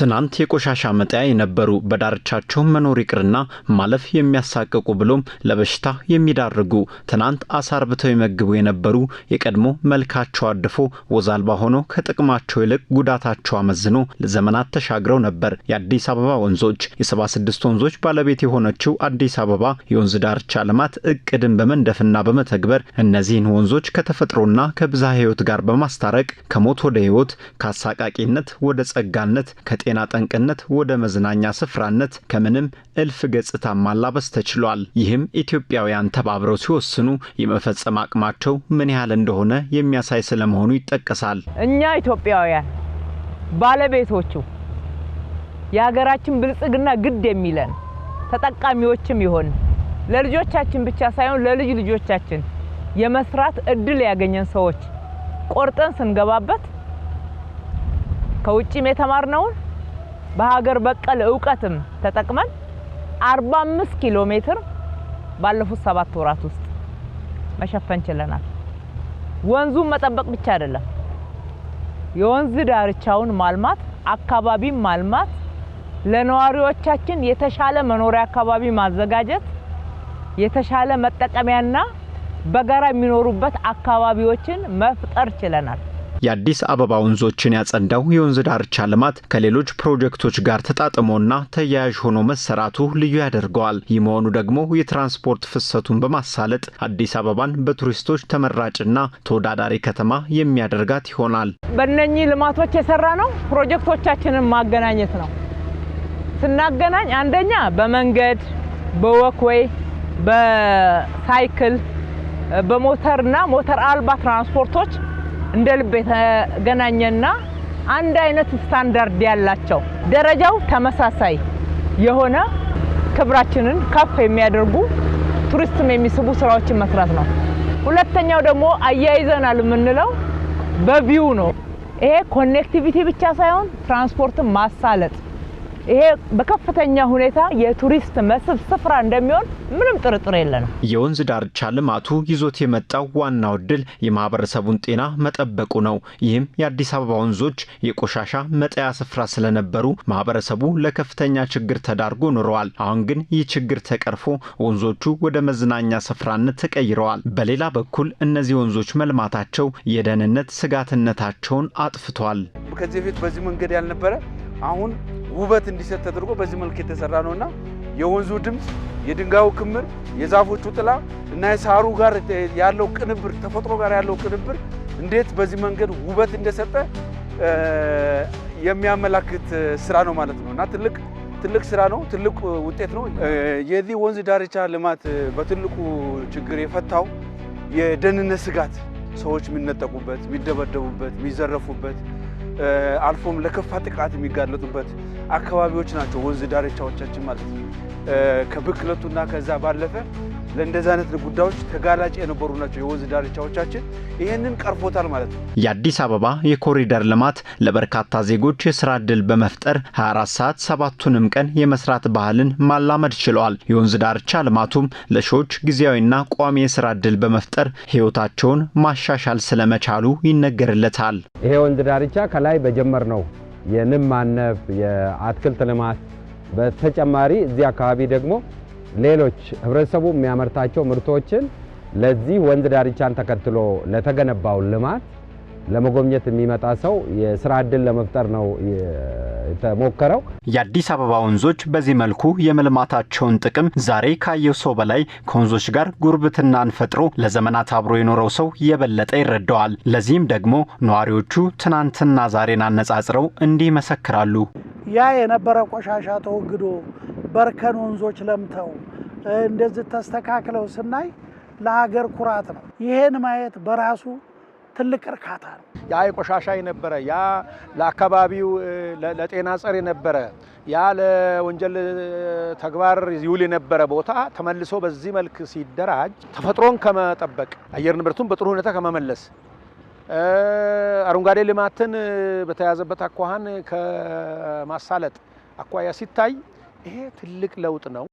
ትናንት የቆሻሻ መጣያ የነበሩ በዳርቻቸው መኖር ይቅርና ማለፍ የሚያሳቅቁ ብሎም ለበሽታ የሚዳርጉ ትናንት አሳ አርብተው ይመግቡ የነበሩ የቀድሞ መልካቸው አድፎ ወዝ አልባ ሆኖ ከጥቅማቸው ይልቅ ጉዳታቸው አመዝኖ ለዘመናት ተሻግረው ነበር የአዲስ አበባ ወንዞች የሰባስድስት ወንዞች ባለቤት የሆነችው አዲስ አበባ የወንዝ ዳርቻ ልማት እቅድን በመንደፍና በመተግበር እነዚህን ወንዞች ከተፈጥሮና ከብዝሃ ሕይወት ጋር በማስታረቅ ከሞት ወደ ሕይወት ከአሳቃቂነት ወደ ጸጋነት ከጤ ጤና ጠንቅነት ወደ መዝናኛ ስፍራነት ከምንም እልፍ ገጽታ ማላበስ ተችሏል። ይህም ኢትዮጵያውያን ተባብረው ሲወስኑ የመፈጸም አቅማቸው ምን ያህል እንደሆነ የሚያሳይ ስለመሆኑ ይጠቀሳል። እኛ ኢትዮጵያውያን ባለቤቶቹ የሀገራችን ብልጽግና ግድ የሚለን ተጠቃሚዎችም ይሆን ለልጆቻችን ብቻ ሳይሆን ለልጅ ልጆቻችን የመስራት እድል ያገኘን ሰዎች ቆርጠን ስንገባበት ከውጭም የተማርነውን በሀገር በቀል እውቀትም ተጠቅመን 45 ኪሎ ሜትር ባለፉት ሰባት ወራት ውስጥ መሸፈን ችለናል። ወንዙን መጠበቅ ብቻ አይደለም፣ የወንዝ ዳርቻውን ማልማት፣ አካባቢን ማልማት፣ ለነዋሪዎቻችን የተሻለ መኖሪያ አካባቢ ማዘጋጀት፣ የተሻለ መጠቀሚያና በጋራ የሚኖሩበት አካባቢዎችን መፍጠር ችለናል። የአዲስ አበባ ወንዞችን ያጸዳው የወንዝ ዳርቻ ልማት ከሌሎች ፕሮጀክቶች ጋር ተጣጥሞና ተያያዥ ሆኖ መሰራቱ ልዩ ያደርገዋል። ይህ መሆኑ ደግሞ የትራንስፖርት ፍሰቱን በማሳለጥ አዲስ አበባን በቱሪስቶች ተመራጭና ተወዳዳሪ ከተማ የሚያደርጋት ይሆናል። በነኚህ ልማቶች የሰራ ነው ፕሮጀክቶቻችንን ማገናኘት ነው። ስናገናኝ አንደኛ በመንገድ በወክወይ በሳይክል በሞተርና ሞተር አልባ ትራንስፖርቶች እንደ ልብ የተገናኘና አንድ አይነት ስታንዳርድ ያላቸው ደረጃው ተመሳሳይ የሆነ ክብራችንን ከፍ የሚያደርጉ ቱሪስትም የሚስቡ ስራዎችን መስራት ነው። ሁለተኛው ደግሞ አያይዘናል የምንለው በቪው ነው። ይሄ ኮኔክቲቪቲ ብቻ ሳይሆን ትራንስፖርትን ማሳለጥ ይሄ በከፍተኛ ሁኔታ የቱሪስት መስህብ ስፍራ እንደሚሆን ምንም ጥርጥር የለንም። የወንዝ ዳርቻ ልማቱ ይዞት የመጣው ዋናው እድል የማህበረሰቡን ጤና መጠበቁ ነው። ይህም የአዲስ አበባ ወንዞች የቆሻሻ መጠያ ስፍራ ስለነበሩ ማህበረሰቡ ለከፍተኛ ችግር ተዳርጎ ኑረዋል። አሁን ግን ይህ ችግር ተቀርፎ ወንዞቹ ወደ መዝናኛ ስፍራነት ተቀይረዋል። በሌላ በኩል እነዚህ ወንዞች መልማታቸው የደህንነት ስጋትነታቸውን አጥፍቷል። ከዚህ በፊት በዚህ መንገድ ያልነበረ አሁን ውበት እንዲሰጥ ተደርጎ በዚህ መልክ የተሰራ ነውና የወንዙ ድምፅ፣ የድንጋዩ ክምር፣ የዛፎቹ ጥላ እና የሳሩ ጋር ያለው ቅንብር ተፈጥሮ ጋር ያለው ቅንብር እንዴት በዚህ መንገድ ውበት እንደሰጠ የሚያመላክት ስራ ነው ማለት ነው እና ትልቅ ትልቅ ስራ ነው። ትልቅ ውጤት ነው። የዚህ ወንዝ ዳርቻ ልማት በትልቁ ችግር የፈታው የደህንነት ስጋት ሰዎች የሚነጠቁበት፣ የሚደበደቡበት፣ የሚዘረፉበት አልፎም ለከፋ ጥቃት የሚጋለጡበት አካባቢዎች ናቸው ወንዝ ዳርቻዎቻችን ማለት ነው። ከብክለቱና ከዛ ባለፈ ለእንደዚህ አይነት ጉዳዮች ተጋላጭ የነበሩ ናቸው የወንዝ ዳርቻዎቻችን። ይህንን ቀርፎታል ማለት ነው። የአዲስ አበባ የኮሪደር ልማት ለበርካታ ዜጎች የስራ እድል በመፍጠር 24 ሰዓት ሰባቱንም ቀን የመስራት ባህልን ማላመድ ችለዋል። የወንዝ ዳርቻ ልማቱም ለሺዎች ጊዜያዊና ቋሚ የስራ እድል በመፍጠር ህይወታቸውን ማሻሻል ስለመቻሉ ይነገርለታል። ይሄ ወንዝ ዳርቻ ከላይ በጀመር ነው የንብ ማነብ የአትክልት ልማት በተጨማሪ እዚህ አካባቢ ደግሞ ሌሎች ህብረተሰቡ የሚያመርታቸው ምርቶችን ለዚህ ወንዝ ዳርቻን ተከትሎ ለተገነባው ልማት ለመጎብኘት የሚመጣ ሰው የስራ እድል ለመፍጠር ነው የተሞከረው። የአዲስ አበባ ወንዞች በዚህ መልኩ የመልማታቸውን ጥቅም ዛሬ ካየው ሰው በላይ ከወንዞች ጋር ጉርብትናን ፈጥሮ ለዘመናት አብሮ የኖረው ሰው የበለጠ ይረዳዋል። ለዚህም ደግሞ ነዋሪዎቹ ትናንትና ዛሬን አነጻጽረው እንዲህ ይመሰክራሉ። ያ የነበረ ቆሻሻ ተወግዶ በርከን ወንዞች ለምተው እንደዚህ ተስተካክለው ስናይ ለሀገር ኩራት ነው። ይሄን ማየት በራሱ ትልቅ እርካታ ነው። ያ የቆሻሻ የነበረ ያ ለአካባቢው ለጤና ጸር የነበረ ያ ለወንጀል ተግባር ይውል የነበረ ቦታ ተመልሶ በዚህ መልክ ሲደራጅ ተፈጥሮን ከመጠበቅ አየር ንብረቱን በጥሩ ሁኔታ ከመመለስ አረንጓዴ ልማትን በተያዘበት አኳኋን ከማሳለጥ አኳያ ሲታይ ይሄ ትልቅ ለውጥ ነው።